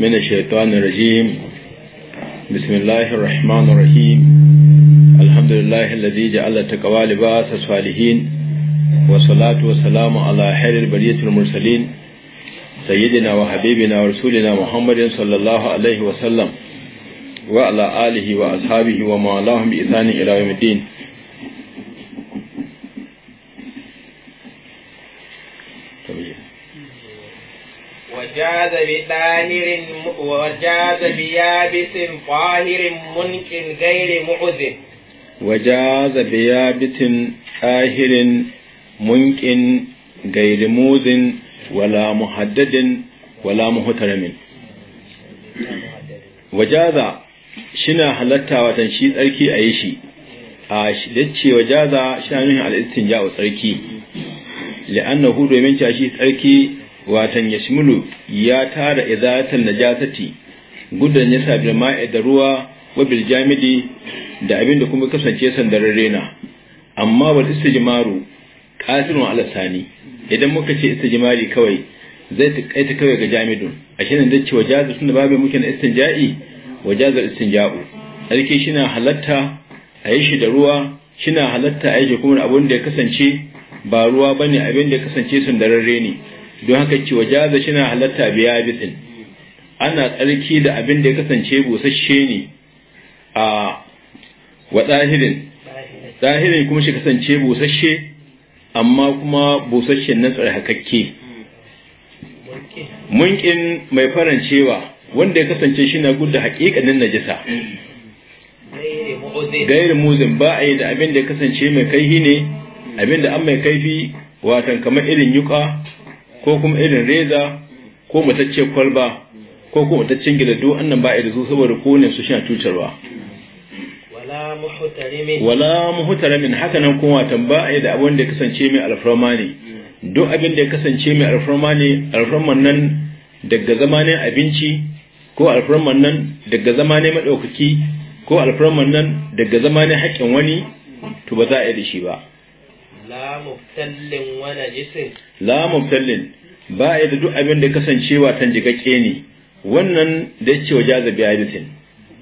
من الشيطان الرجيم بسم الله الرحمن الرحيم الحمد لله الذي جعل تقوى لباس الصالحين والصلاة والسلام على خير البرية المرسلين سيدنا وحبيبنا ورسولنا محمد صلى الله عليه وسلم وعلى آله وأصحابه وموالاهم بإثان إلى يوم الدين وجاز بطاهر وجاز بيابس طاهر منك غير معذب وجاز بيابس طاهر منك غير موذ ولا محدد ولا وجاز شنا halatta watan shi tsarki a yi shi a nuhin al'istin ja'o tsarki li'annahu domin shi tsarki watan yashmulu ya tara izatan najasati gudan ya sabi ma'i da ruwa wa bil jamidi da abin da kuma kasance sandarar rena amma wal istijmaru qasirun ala sani idan muka ce istijmari kawai zai taƙaita kawai ga jamidun ashe ne da cewa jazu tunda babu muke na istinja'i wa jazu istinja'u alke shi na halatta a yi shi da ruwa shi na halatta a yi shi kuma abin da ya kasance ba ruwa bane abin da ya kasance sandararre ne don haka ce wa jaza shi na halatta biya bisin ana tsarki da abin da ya kasance busasshe ne a wa tsahirin tsahirin kuma shi kasance busasshe amma kuma busasshe na tsarhakakke munkin mai farancewa wanda ya kasance shi na gudu haƙiƙanin najisa gairin muzin ba a yi da abin da ya kasance mai kaihi ne abin da an mai kaifi watan kamar irin yuka ko kuma irin reza ko matacce kwalba ko kuma mataccen gida duk annan ba da su saboda ne su suna cutarwa wala muhtaramin haka nan kuma tamba da abin da kasance mai alfarma ne duk abin da ya kasance mai alfarma ne alfarman nan daga zamanin abinci ko alfarman nan daga zamanin madaukaki ko alfarman nan daga zamanin haƙƙin wani to ba za a yi da shi ba la mubtallin ba ya da duk abin da kasancewa jigakke ne wannan da yake wajaza bi hadisin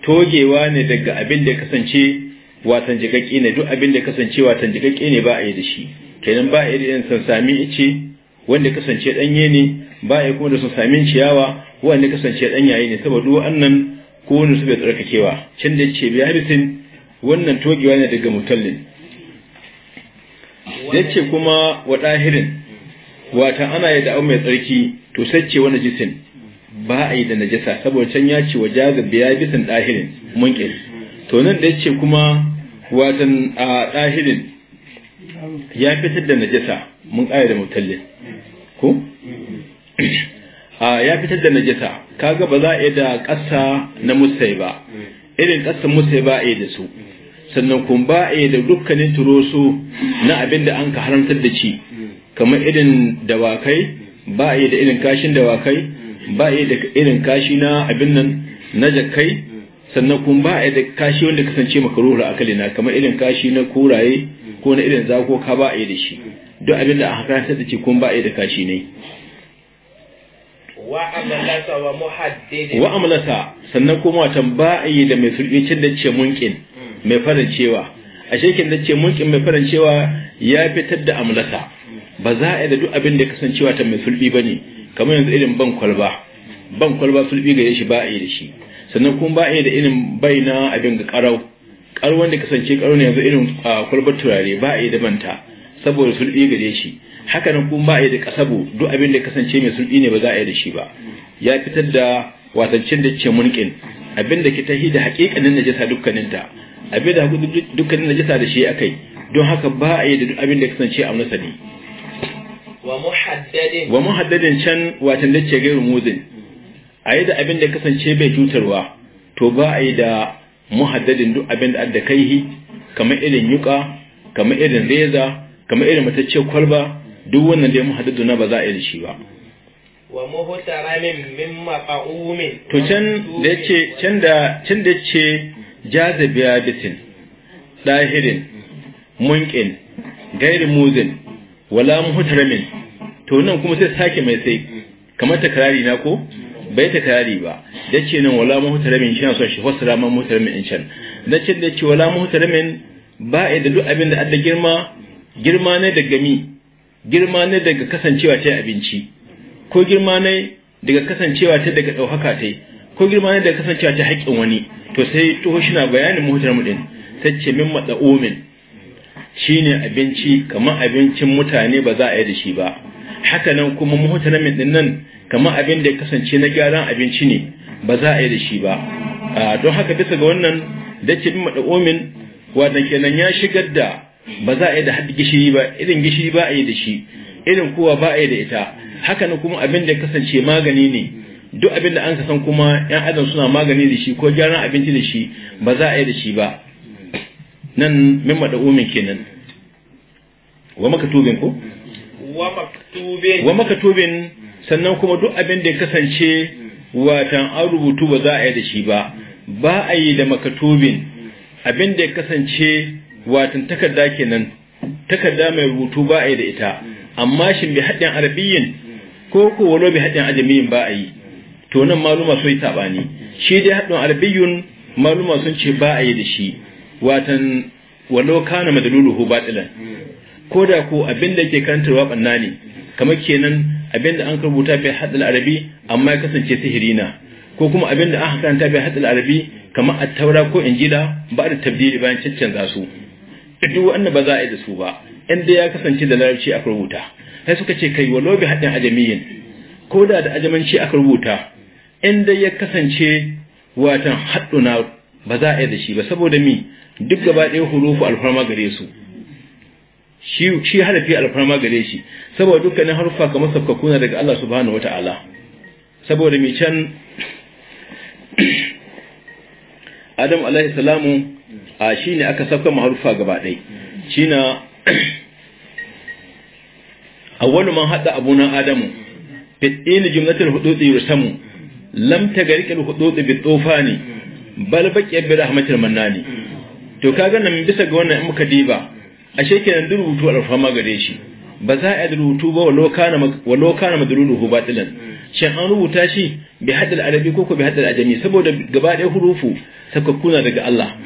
togewa ne daga abin da kasance watan jikakke ne duk abin da kasance watan jikakke ne ba a yi da shi kenan ba a yi da yan san sami ice wanda kasance danye ne ba a yi kuma da sun sami ciyawa wanda kasance danyaye ne saboda wannan ko wani su bai tsarkakewa can da ce bi hadisin wannan togewa ne daga mutallin yace kuma wa dahirin wata ana yi da mai tsarki to sacce wani jisin ba a yi da najasa saboda can ya ce wa jaza biya bisan dahirin munkin to nan da yace kuma watan a dahirin ya fitar da najasa mun kai da mutallin ko ya fitar da najasa kaga ba za a yi da ƙasa na musai ba irin ƙasa musai ba a yi da su sannan kun ba'e da dukkanin turoso na abin da an ka haramtar da ci kamar irin dawakai ba'e da irin kashin dawakai ba'e da irin kashi na abin nan na jakai sannan kun ba'e da kashi wanda kasance maka ruhu akali na kamar irin kashi na kuraye ko na irin zako ka ba'e da shi duk abin da aka haramtar da ci kun ba'e da kashi ne wa amalasa sannan kuma watan ba'e da mai sulbicin da ce munkin mai farancewa a shekin da ce mulkin mai farancewa ya fitar da amlasa ba za a yi da duk abin da kasancewa ta mai sulbi ba ne kamar yanzu irin ban kwalba ban kwalba sulbi ga yashi ba a yi da shi sannan kuma ba a yi da irin bai na abin ga karau karuwan da kasance karu ne yanzu irin kwalbar turare ba a yi da manta saboda sulbi ga yashi haka nan kuma ba a yi da kasabo duk abin da kasance mai sulbi ne ba za a yi da shi ba ya fitar da watancin da ce mulkin abin da ke tahi da haƙiƙanin najasa dukkaninta abin da dukkanin najasa da shi akai don haka ba a yi da abin da kasance a nasani wa muhaddadin can watan da ce gairu muzin a yi da abin da kasance bai cutarwa to ba a yi da muhaddadin duk abin da adda hi kamar irin yuka kamar irin reza kamar irin matacce kwalba duk wannan da muhaddadu na ba za a yi da shi ba wa muhtaramin mimma qaumin to can da yace can da can da yace jaza biya bisin ɗahirin munkin gairin muzin wala muhutaramin to nan kuma sai sake mai sai kamar karari na ko bai karari ba da ce nan wala muhutaramin shi na son shi wasu ramar muhutaramin in can da ce da ce wala muhutaramin ba a da duk abin da adda girma girma ne daga mi girma ne daga kasancewa ta abinci ko girma ne daga kasancewa ta daga ɗaukaka ta ko girma ne da kasancewa ta haƙƙin wani to sai toho shi na bayanin muhutar mu din ta ce min matsa Shi shine abinci kamar abincin mutane ba za a yi da shi ba haka nan kuma muhutar min din nan kamar abin da ya kasance na gyaran abinci ne ba za a yi da shi ba don haka bisa ga wannan da ce min matsa omin wanda kenan ya shigar da ba za a yi da haddi gishiri ba irin gishiri ba a yi da shi irin kowa ba a yi da ita haka nan kuma abin da ya kasance magani ne duk abin da an san kuma yan adam suna magani da shi ko gyaran abinci da shi ba za a yi da shi ba nan min umin kenan wa makatubin ko wa makatubin sannan kuma duk abin da ya kasance watan an rubutu ba za a yi da shi ba ba a yi da makatubin abin da ya kasance watan takarda kenan takarda mai rubutu ba a yi da ita amma shin bi haɗin arabiyyin ko ko walo bi haɗin ajamiyyin ba a yi to nan maluma sai tabani shi dai haddun arbiyun maluma sun ce ba a yi da shi watan walau kana madaluluhu batilan ko da ko abin da ke wa banna ne kamar kenan abin da an rubuta bai hadal arabi amma ya kasance sihiri na ko kuma abin da aka karanta bai hadal arabi kamar at-taura ko injila ba da tabdili bayan caccanza su duk wanda ba za a yi da su ba inda ya kasance da larabci aka rubuta sai suka ce kai walau bi hadin ajamiyin ko da da ajamanci aka rubuta in dai ya kasance watan hadduna ba za a yi da shi ba saboda mi duk gaba ɗaya hurufu alfarma gare su shi shi harafi alfarma gare shi saboda dukkanin harufa kamar kuna daga Allah subhanahu wata'ala saboda mi can Adam alaihi salamu a shi ne aka sabka harufa gaba Shi na awwalu man hada abunan adamu fi jumlatul hududi yusamu lam tagarikal hudud bi tufani bal baqiya bi rahmatil mannani to kaga nan bisa ga wannan in muka diba ashe kenan duk rubutu alfama gare shi ba za a yi ba walau kana madaluluhu batilan shin an rubuta shi bi hadal arabi ko ko bi hadal ajami saboda gaba ɗaya hurufu kuna daga Allah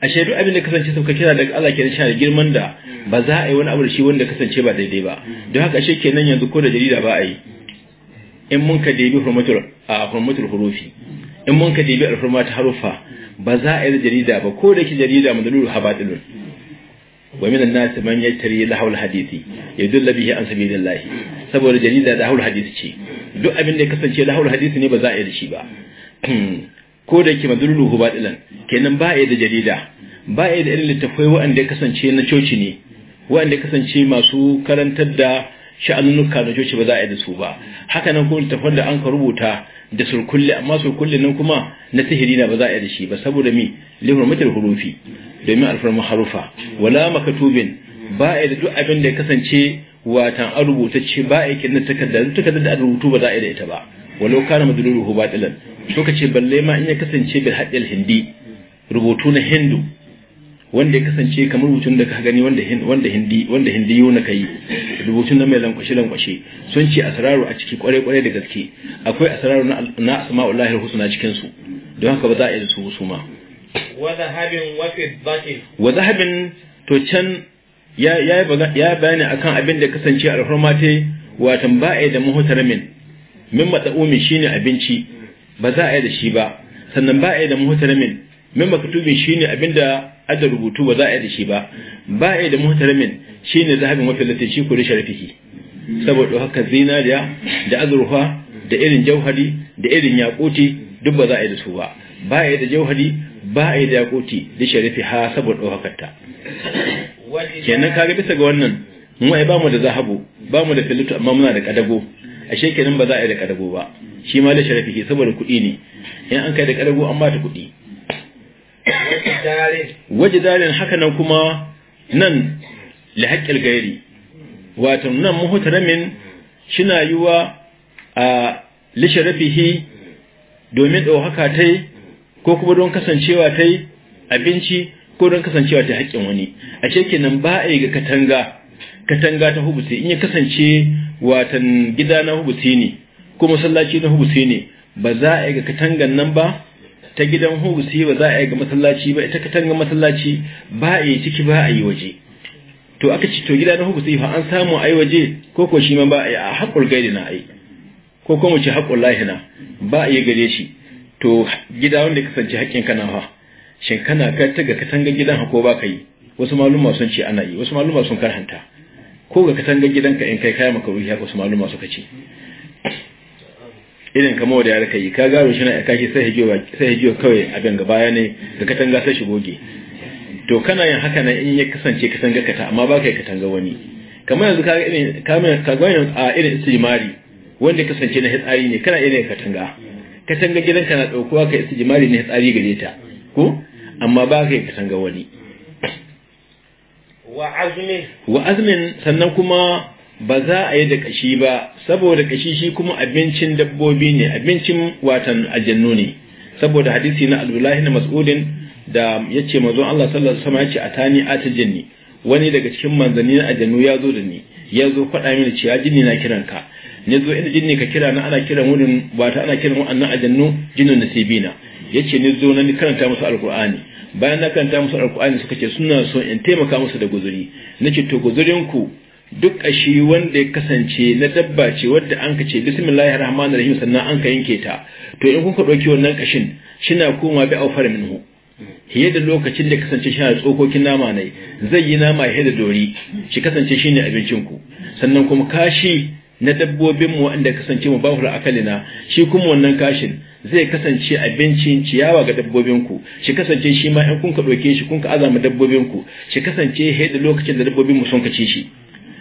a duk abin da kasance sauka kira daga Allah kenan shi girman da ba za a yi wani abu da shi wanda kasance ba daidai ba don haka ashe kenan yanzu ko da jarida ba a yi in mun ka debi hurmatul hurmatul hurufi in mun ka debi alhurma ta harufa ba za a yi jarida ba ko da ke jarida madalul habatilun wa min an-nas man yajtari lahul hadisi yadulla bihi an sabilillah saboda jarida da haul hadisi ce duk abin da ya kasance lahul hadisi ne ba za a yi da shi ba ko da ke madalul habatilan kenan ba a yi da jarida ba a yi da irin littafai waɗanda ya kasance na coci ne waɗanda ya kasance masu karantar da sha'anunuka na coci ba za a yi da su ba haka nan kuma littafan da an ka rubuta da surkulle amma surkulle nan kuma na sihiri na ba za a yi da shi ba saboda mi lihur matar hurufi domin alfarma harufa wala makatubin ba a yi da duk abin da ya kasance watan an rubuta ce ba a yi kirin takardar takardar da an rubutu ba za a yi da ita ba wala kana maduluruhu batilan ka ce balle ma in ya kasance bil haddil hindi rubutu na hindu wanda ya kasance kamar rubutun da ka gani wanda hindi wanda hindi wanda hindi yau na kai rubutun na mai lankwashe lankwashe sun ce asraru a ciki kwarai kwarai da gaske akwai asraru na asma'ullahi husna cikin su don haka ba za a yi su su ma wa zahabin to can ya yi bayani akan abin da kasance alhurma te watan ba a yi da muhtaramin min matsa'umi shine abinci ba za a yi da shi ba sannan ba a yi da min. min maktubin shine abinda aka rubutu ba za a yi da shi ba ba a da muhtaramin shine zahabin mafi lati shi kuri sharafihi saboda haka zinariya da azurfa da irin jauhari da irin yakuti duk ba za a yi da su ba ba a da jauhari ba a da yakuti da sharafi ha saboda haka ta kenan kaga bisa ga wannan mu ai ba mu da zahabu ba mu da filatu, amma muna da kadago ashe kenan ba za a yi da kadago ba shi ma da sharafi saboda kuɗi ne in an kai da kadago an ba ta kuɗi waje darin haka nan kuma nan li haƙƙil gairi wato nan muhutaramin shina yiwuwa a lisharafihi domin ta tai ko kuma don kasancewa yi abinci ko don kasancewa ta haƙƙin wani a kenan ba a yi ga katanga katanga ta hubusi in ya kasance watan gida na hubusi ne ko masallaci na hubusi ne ba za a yi ga katangan nan ba ta gidan hubusi ba za a yi ga masallaci ba ita tanga masallaci ba a yi ciki ba a yi waje to aka ci to gidan na hubusi fa an samu a yi waje ko ko shi ma ba a yi a haƙul gaidi na ai ko kuma ce haƙul lahina ba a yi gare shi to gida wanda kasance haƙƙin kana fa shin kana ka ta ga tanga gidan ko ba ka yi wasu maluma sun ce ana yi wasu maluma sun karhanta ko ga gidan gidanka in kai kai maka ruhiya haka wasu maluma suka ce irin kamar wanda ya raka yi ka gano shi na ya kashi sai jiwa kawai ganga baya ne da katanga sai shi goge to kana yin haka na in ya kasance katanga kata amma ba ka yi katanga wani kamar yanzu ka irin kamar ka gano a irin istijmari wanda kasance na hitsari ne kana irin katanga katanga gidanka na daukowa ka istijmari ne hitsari gare ta ko amma ba ka yi katanga wani wa azmin sannan kuma ba za a yi da kashi ba saboda kashi shi kuma abincin dabbobi ne abincin watan aljannu ne saboda hadisi na abdullahi na mas'udin da ya ce mazon Allah sallallahu alaihi wasallam ya ce atani atajanni wani daga cikin manzanni na aljannu ya zo da ni ya zo faɗa mini cewa jinni na kiran ka ne zo ina jinni ka kira na ana kiran wurin ba ta ana kiran wa'annan aljannu jinnun nasibina yace ne zo na ni karanta musu alqur'ani bayan na karanta musu alqur'ani suka ce suna so in taimaka musu da guzuri nace to guzurinku duk ƙashi wanda ya kasance na dabba ce wadda an ka ce bismillahir rahmanir rahim sannan an ka yanke ta to in kun ka ɗauki wannan kashin shina koma bi aufar minhu hiye da lokacin da kasance shi na tsokokin nama ne zai yi nama hiye da dori shi kasance shi ne abincin ku sannan kuma kashi na dabbobin mu wanda kasance mu ba akalina shi kuma wannan kashin zai kasance abincin ciyawa ga dabbobin ku shi kasance shi ma in kun ka dauke shi kun ka azama ku shi kasance hiye da lokacin da dabbobin mu sun kace shi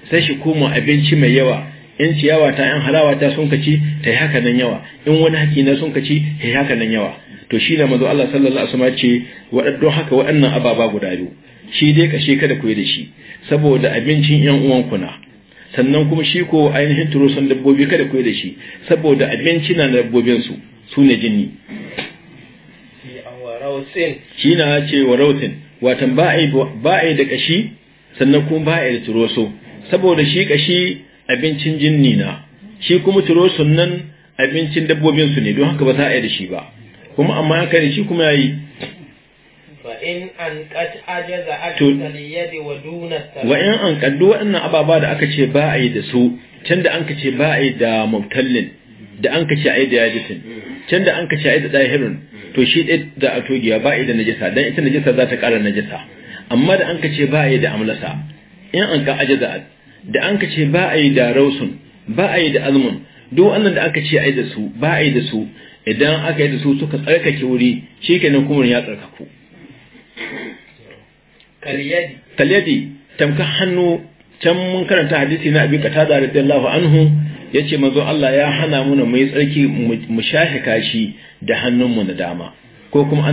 sai shi koma abinci mai yawa in ciyawa ta in halawa ta sun kaci ta yi haka nan yawa in wani haki na sun kaci ta yi haka nan yawa to shi na mazo Allah sallallahu alaihi wasallam ce waɗannan haka waɗannan ababa guda biyu shi dai kashe kada ku yi da shi saboda abincin yan uwan ku na sannan kuma shi ko ainihin turusan dabbobi kada ku yi da shi saboda abinci na dabbobin su su ne jini shi na ce wa rautin watan ba a yi da kashi sannan kuma ba a yi da turoso saboda shi kashi abincin jinni na shi kuma turo sunnan abincin dabbobin su ne don haka ba za a yi da shi ba kuma amma ya kare shi kuma yayi wa in an kaddu waɗannan ababa da aka ce ba a yi da su can da an ka ce ba a yi da mubtallin da an ka ce a yi da yajitin can da an ka ce a yi da ɗahirin to shi ɗaya da a togiya ba a yi da najisa, don ita najisa za ta ƙara najisa. amma da an ka ce ba a yi da amlasa in an ka ajaza da an ka ce ba a yi da rausun ba a yi da azmun duk wannan da aka ce a yi da su ba a yi da su idan aka yi da su suka tsarkake wuri shi kenan kuma ya tsarkaku kalyadi tamka hannu can mun karanta hadisi na abin katada radiyallahu anhu ya ce mazo Allah ya hana muna mai tsarki mu shahika shi da mu na dama ko kuma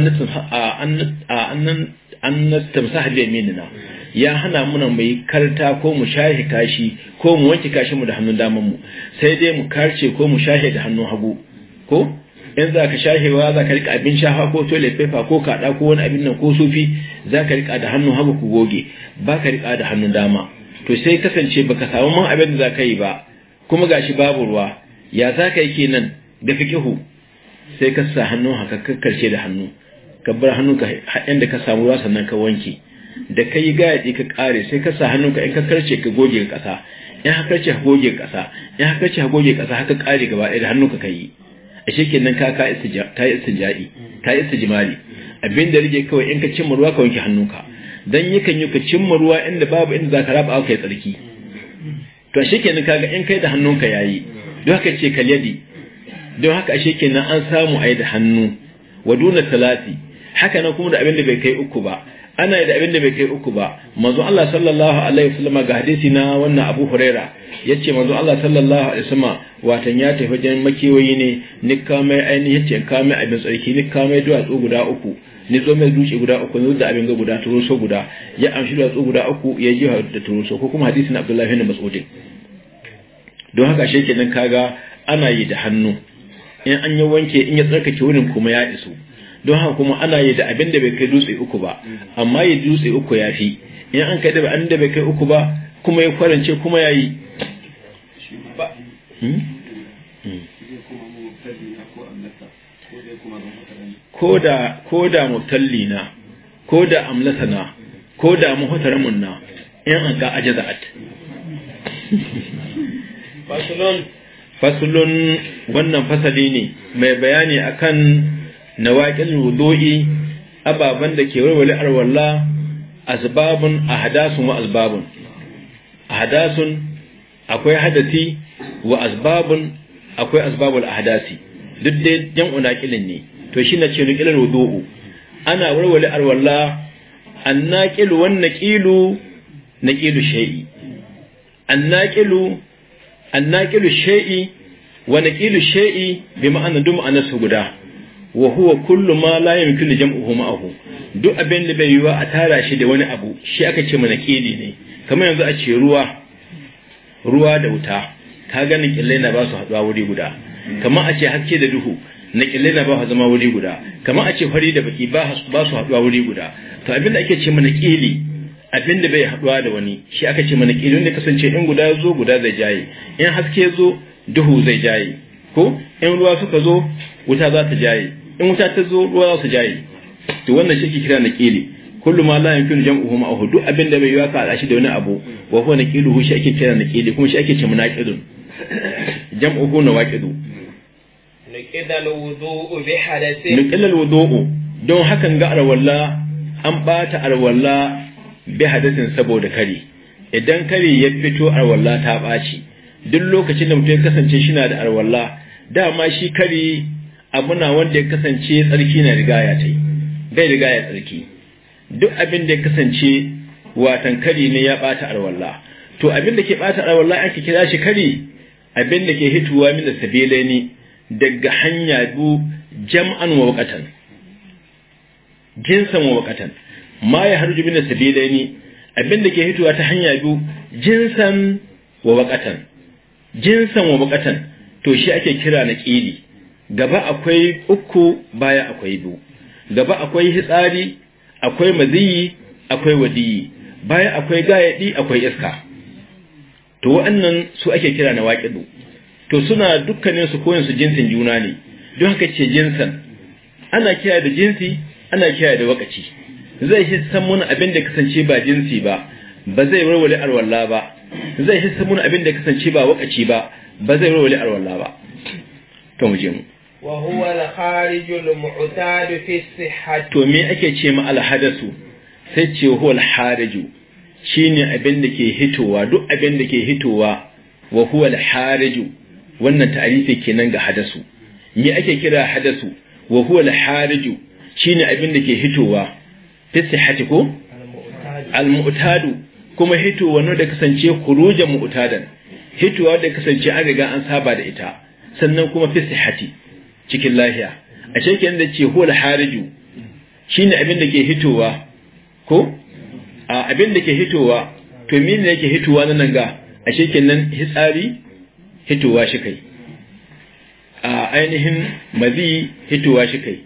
an nastamsa hajjai minina ya hana muna mu yi karta ko mu shahe kashi ko mu wanke kashi mu da hannun daman mu sai dai mu karce ko mu shahe da hannun hagu ko in za ka shahewa za ka rika abin shafa ko toilet paper ko kaɗa ko wani abin nan ko sufi za ka rika da hannun hagu ku goge ba ka rika da hannun dama to sai kasance baka samu man abin da za ka yi ba kuma gashi babu ruwa ya za ka yi kenan da fiqihu sai ka sa hannun haka kakkarce da hannu ka bar hannu ka haɗin da ka samu ruwa sannan ka wanke da ka yi gayadi ka kare sai ka sa hannunka in ka karce ka goge kasa in ka karce ka goge kasa in ka karce ka goge kasa haka kare gaba ɗaya da hannunka ka yi a shekin nan ka ka ta yi istijai ta yi istijmari abin da rige kawai in ka cimma ruwa ka wanke hannunka dan yakan yi ka cimma ruwa inda babu inda zaka raba aka yi tsarki to a shekin nan kaga in kai da hannunka yayi don haka ce kalyadi don haka a shekin nan an samu a yi da hannu wa duna talati haka nan kuma da abin da bai kai uku ba ana da abin da bai kai uku ba manzo Allah sallallahu alaihi wasallam ga hadisi na wannan Abu Huraira yace manzo Allah sallallahu alaihi wasallam watan ya tafi wajen makewayi ne ni kamai aini yace mai abin tsarki ni kamai duwatsu guda uku ni zo mai duci guda uku ni da abin ga guda turuso guda ya amshi duwatsu guda uku ya ji da turuso ko kuma hadisi na Abdullah bin Mas'ud don haka shekenan kaga ana yi da hannu in an yi wanke in ya tsarkake wurin kuma ya isu don haka kuma ana yi da abin da bai kai dutse uku ba amma yi dutse uku ya fi in an kai da an da bai kai uku ba kuma ya kwarance kuma ya yi hmm? Hmm. ko da mutalli na ko da amlata na ko da mun na in an ga ajaza'at fasulun fasulun wannan fasali ne mai bayani akan nawaqil wudo'i, ababan da ke warware arwalla asbabun ahdasun wa asbabun ahdasun akwai hadasi wa asbabun akwai asbabul ahdasi duk dai jam'u naqilin ne to shi na ce nuqilar wudo'u. ana warware arwalla annaqil wan naqilu naqilu shay'i annaqilu annaqilu shai'i. wa naqilu shai'i bi ma'ana dum anasu guda wa huwa kullu ma la yumkinu jam'uhu ma'ahu duk abin da bai yiwa a tara shi da wani abu shi aka ce mana keli ne kamar yanzu a ce ruwa ruwa da wuta ka ga kille na ba su haɗuwa wuri guda kamar a ce haske da duhu kille na ba su zama wuri guda kamar a ce fari da baki ba su haɗuwa wuri guda to abin da ake ce mana keli abin da bai haɗuwa da wani shi aka ce mana keli wanda kasance in guda zo guda zai jaye in haske zo duhu zai jaye ko in ruwa suka zo wuta za ta jaye in wuta ta zo ruwa za su jaye to wannan shi kira na kili kullu ma la yumkinu jam'uhu a duk abin da bai yiwa ka alashi da wani abu wa huwa naqiluhu shi ake kira na kili kuma shi ake ce munaqidun jam'uhu nawaqidu naqidal wudu'u bi hadathi naqidal don hakan ga arwalla an bata arwalla bi hadathin saboda kari. idan kari ya fito arwalla ta baci duk lokacin da mutum ya kasance shi na da arwalla dama shi kari. abuna wanda ya kasance tsarki na rigaya ta yi bai rigaya tsarki duk abin da ya kasance watan kari ne ya bata alwala to abin da ke bata alwala ake kira shi kari abin da ke hituwa min sabila ne daga hanya du jam'an wa waqatan jinsan wa waqatan ma ya harju min sabila ne abin da ke hituwa ta hanya du jinsan wa waqatan jinsan wa waqatan to shi ake kira na kili gaba akwai uku baya akwai biyu gaba akwai hitsari akwai maziyi akwai wadiyi baya akwai gayadi akwai iska to wa'annan su ake kira na waƙidu to suna dukkanin su koyin su jinsin juna ne don haka ce jinsin ana kiyaye da jinsi ana kiyaye da wakaci zai shi san mun abin da kasance ba jinsi ba ba zai warware alwala ba zai shi san mun abin da kasance ba wakaci ba ba zai warware alwala ba to mu mu wa huwa al-kharij al-mu'tad fi to me ake ce ma al sai ce huwa al-kharij shine ke hitowa duk abin da ke hitowa wa huwa al-kharij wannan ta'arifi kenan ga hadasu me ake kira hadasu wa huwa al-kharij shine ke hitowa fi sihhati ko al-mu'tad kuma hitowa ne da kasance khurujan mu'tadan hitowa da kasance an riga an saba da ita sannan kuma fi sihhati cikin lahiya a shekin da ce huwal hariju shine abin da ke hitowa ko a abin da ke hitowa to min ne yake hitowa na nan ga a shekin nan hitsari hitowa shi kai a ainihin mazi hitowa shi kai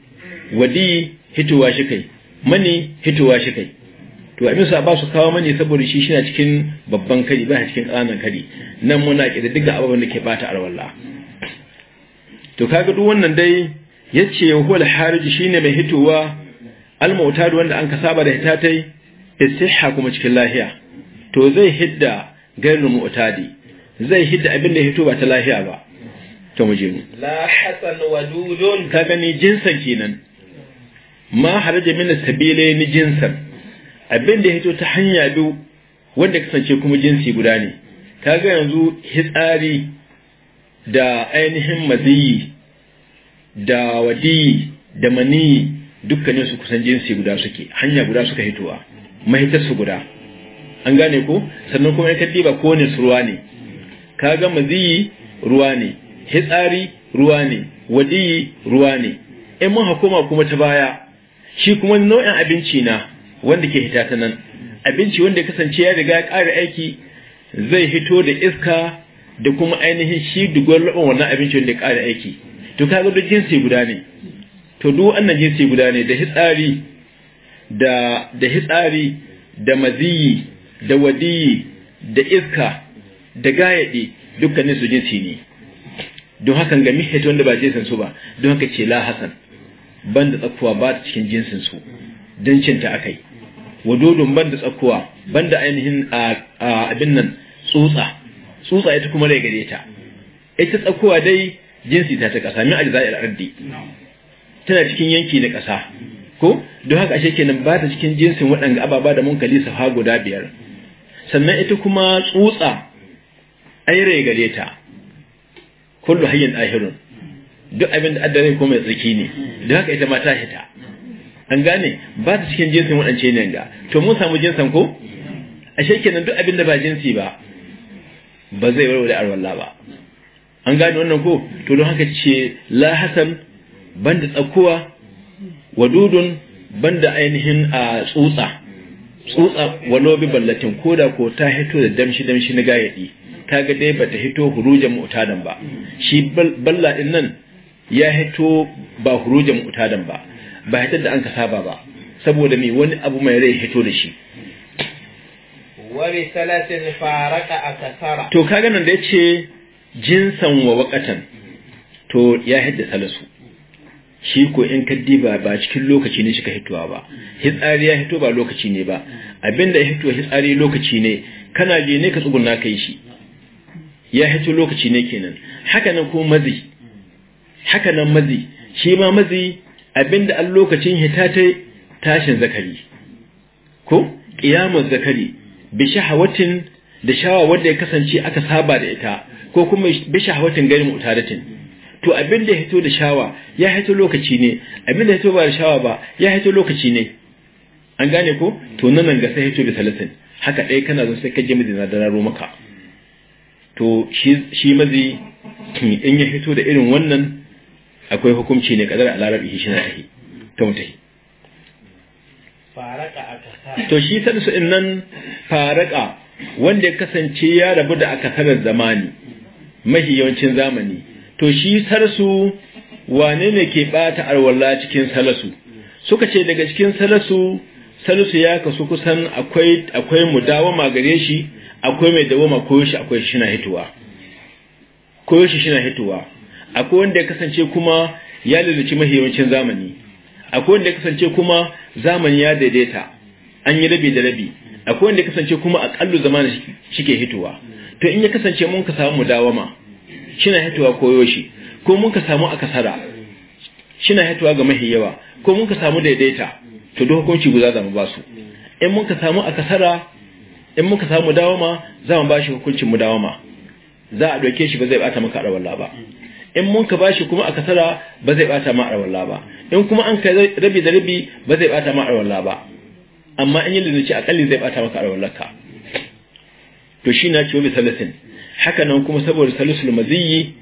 wadi hitowa shi kai mani hitowa shi kai to abin sa ba su kawo mani saboda shi shi na cikin babban kari ba cikin ƙananan kari nan muna ƙididdiga abubuwan da ke bata alwala to kaga duk wannan dai yace huwal harij shine mai hitowa almauta wanda an ka saba da hita hitatai isihha kuma cikin lahiya to zai hidda gairu mu'tadi zai hidda abin da hito ba ta lahiya ba to mu mu la hasan wadudun kaga ni jinsan kenan ma haraja min sabile ni jinsan abin da hito ta hanya biyu wanda kasance kuma jinsi guda ne kaga yanzu hitsari da ainihin maziyi da wadi da mani dukkanin su kusan jinsi guda suke hanya guda suka hitowa mahitar su guda an gane ko sannan kuma ka diba ko ne ruwa ne kaga maziyi ruwa ne hitsari ruwa ne wadi ruwa ne in mun hukuma kuma ta baya shi kuma nau'in abinci na wanda ke hita ta nan abinci wanda ya kasance ya riga ya ƙara aiki zai hito da iska da kuma ainihin shi dugon laban wannan abinci wanda ya ƙara aiki to kaga duk jinsi guda ne to duk wannan jinsi guda ne da hitsari da da hitsari da maziyi da wadiyi da iska da gayadi dukkanin su jinsi ne don haka ga mihita wanda ba jinsin su ba don haka ce la hasan banda tsakuwa ba ta cikin jinsin su don cinta akai ban banda tsakuwa banda ainihin abin nan tsutsa tsutsa ita kuma rai gare ta ita tsakuwa dai jinsi ta ta kasa min ajza'il ardi tana cikin yanki na kasa ko don haka ashe kenan ba ta cikin jinsin waɗanda ababa da munkali ha guda biyar sannan ita kuma tsutsa aire gare ta kullu hayyin ahirun duk abin da addare ko mai tsaki ne don haka ita ma ta hita an gane ba ta cikin jinsin waɗance ne ga to mun samu jinsin ko ashe kenan duk abin da ba jinsi ba ba zai warware arwalla ba an gane wannan ko to don haka ce la hasan banda tsakuwa wadudun banda ainihin a tsutsa tsutsa walau bi ballatin koda ko ta hito da damshi damshi na gayadi ga dai bata hito hurujan mu'tadan ba shi balla din nan ya hito ba hurujan mu'tadan ba ba hitar da an ka saba ba saboda me wani abu mai rai hito da shi wani salatin faraka akasara to kaga nan da yace jinsan wa waƙatan to ya haddasa lasu shi ko in kaddi ba ba cikin lokaci ne shika hitowa ba hitsari ya hito ba lokaci ne ba abinda ya hito hitsari lokaci ne kana je ne ka tsuguna kai shi ya hito lokaci ne kenan haka nan ko mazi haka nan mazi shi ma mazi abinda an lokacin hita ta tashin zakari ko ƙiyamar zakari bi shahawatin da shawa wanda ya kasance aka saba da ita ko kuma bi shahwatin gairu mutaratin to abin da ya hito da shawa ya hito lokaci ne abin da ya hito ba da shawa ba ya hito lokaci ne an gane ko to nan ga sai hito da salatin haka ɗaya kana zo sai ka je madina da raro maka to shi mazi in ya hito da irin wannan akwai hukunci ne kadar alarar ihi na ahi ta mutahi to shi su in nan faraka wanda ya kasance ya rabu da aka sanar zamani mahi yawancin zamani to shi sarsu wane ne ke bata alwala cikin salasu suka ce daga cikin salasu salasu ya kasu kusan akwai akwai mudawama gare shi akwai mai dawama koyo shi akwai shi na hituwa koyo shi na hituwa akwai wanda ya kasance kuma ya lalace yawancin zamani akwai wanda ya kasance kuma zamani ya daidaita an yi rabi da rabi akwai wanda ya kasance kuma a aƙallu zamani shike hituwa to in ya kasance mun ka samu dawama na haituwa koyo shi ko mun ka samu akasara na haituwa ga mahi yawa ko mun ka samu daidaita to duk hukunci guda za mu ba su in mun ka samu akasara in mun ka samu dawama za mu ba shi hukuncin mu dawama za a doke shi ba zai bata maka arawalla ba in mun ka bashi kuma a kasara ba zai bata ma arawalla ba in kuma an kai rabi da rabi ba zai bata ma arawalla ba amma in yi lalace akalli zai bata maka arawallarka to shi na ciwo misalasin haka nan kuma saboda salisul maziyi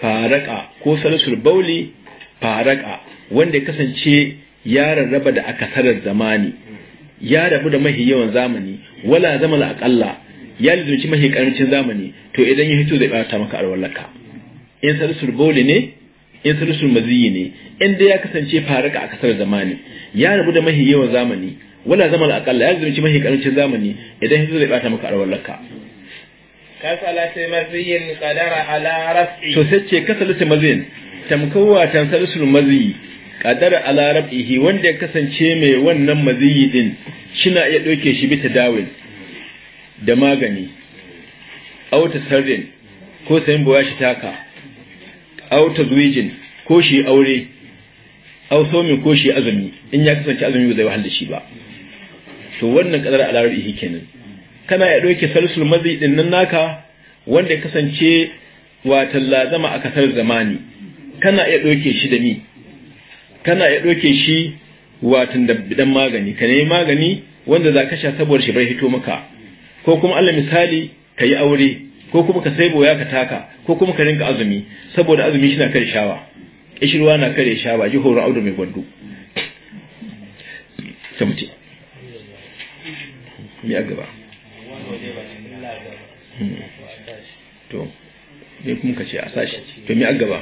faraka ko salisul bauli faraka wanda ya kasance ya rarraba da akasarar zamani ya rabu da mahi yawan zamani wala zama la akalla ya lalace mahi karancin zamani to idan ya hito zai bata maka arwalaka in salisul bauli ne in salisul maziyi ne Inda ya kasance faraka kasar zamani ya rabu da mahi yawan zamani wala zaman akalla ya ci mahi karancin zamani idan hizo zai bata maka arwallarka kasalati maziyin qadara ala raf'i to sai ce kasalati maziyin tamkawa tansalisul maziyi qadara ala raf'ihi wanda ya kasance mai wannan maziyi din shina iya doke shi bita dawin da magani auta sardin ko sayin boya shi taka auta zuwijin ko shi aure ausomin ko shi azumi in ya kasance azumi ba zai wahalda da shi ba to wannan kadar ala rabihi kenan kana ya doke salsul mazi din nan naka wanda ya kasance watan lazama a kasar zamani kana ya doke shi da ni kana ya doke shi watan da bidan magani ka nemi magani wanda za ka sha saboda shi bai hito maka ko kuma Allah misali ka yi aure ko kuma ka sai ya ka taka ko kuma ka rinka azumi saboda azumi shi na kare shawa ishirwa na kare shawa ji horon audu mai gwandu samuti mai a gaba hmm. to dai kuma ka ce a sashi to mai a gaba